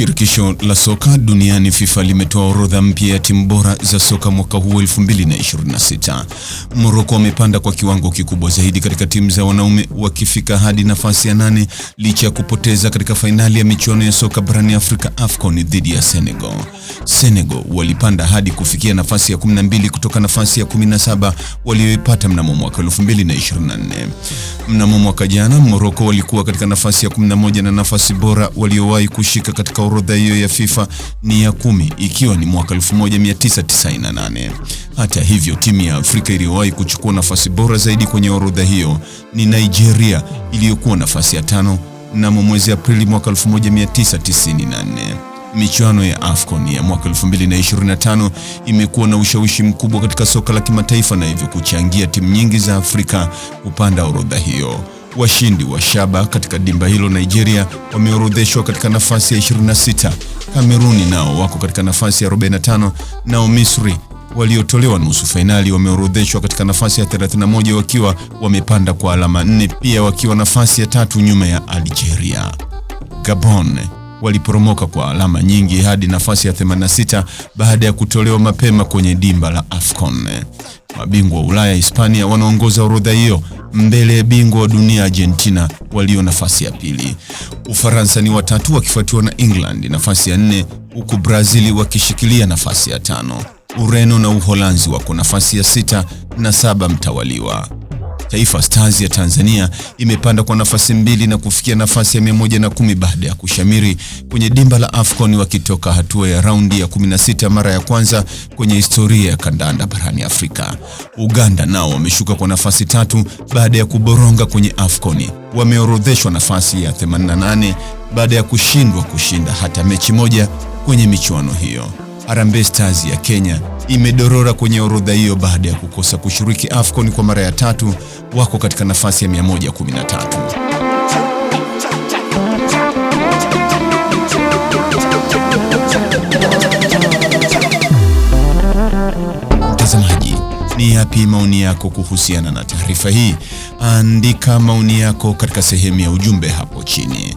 Shirikisho la soka duniani FIFA limetoa orodha mpya ya timu bora za soka mwaka huu 2026. Morocco wamepanda kwa kiwango kikubwa zaidi katika timu za wanaume wakifika hadi nafasi ya nane licha ya kupoteza katika fainali ya michuano ya soka barani Afrika AFCON dhidi ya Senegal. Senegal walipanda hadi kufikia nafasi ya 12 kutoka nafasi ya 17 walioipata mnamo mwaka 2024. Mnamo mwaka jana Morocco walikuwa katika nafasi ya 11 na nafasi bora waliowahi kushika katika orodha hiyo ya FIFA ni ya kumi ikiwa ni mwaka 1998. Hata hivyo, timu ya Afrika iliyowahi kuchukua nafasi bora zaidi kwenye orodha hiyo ni Nigeria iliyokuwa nafasi ya tano mnamo mwezi Aprili mwaka 1994. Michuano ya AFCON ya mwaka 2025 imekuwa na ushawishi mkubwa katika soka la kimataifa na hivyo kuchangia timu nyingi za Afrika kupanda orodha hiyo. Washindi wa shaba katika dimba hilo Nigeria wameorodheshwa katika nafasi ya 26, Kameruni nao wako katika nafasi ya 45, nao Misri waliotolewa nusu fainali wameorodheshwa katika nafasi ya 31 wakiwa wamepanda kwa alama nne, pia wakiwa nafasi ya tatu nyuma ya Algeria. Gabon waliporomoka kwa alama nyingi hadi nafasi ya 86 baada ya kutolewa mapema kwenye dimba la AFCON. Mabingwa wa Ulaya Hispania wanaongoza orodha hiyo mbele ya bingwa wa dunia Argentina walio nafasi ya pili. Ufaransa ni watatu wakifuatiwa na England nafasi ya nne, huku Brazil wakishikilia nafasi ya tano. Ureno na Uholanzi wako nafasi ya sita na saba mtawaliwa. Taifa Stars ya Tanzania imepanda kwa nafasi mbili na kufikia nafasi ya 110 baada ya kushamiri kwenye dimba la AFCON wakitoka hatua ya raundi ya 16 mara ya kwanza kwenye historia ya kandanda barani Afrika. Uganda nao wameshuka kwa nafasi tatu baada ya kuboronga kwenye AFCON. Wameorodheshwa nafasi ya 88 baada ya kushindwa kushinda hata mechi moja kwenye michuano hiyo. Harambee Stars ya Kenya imedorora kwenye orodha hiyo baada ya kukosa kushiriki AFCON kwa mara ya tatu, wako katika nafasi ya 113. Mtazamaji, ni yapi maoni yako kuhusiana na taarifa hii? Andika maoni yako katika sehemu ya ujumbe hapo chini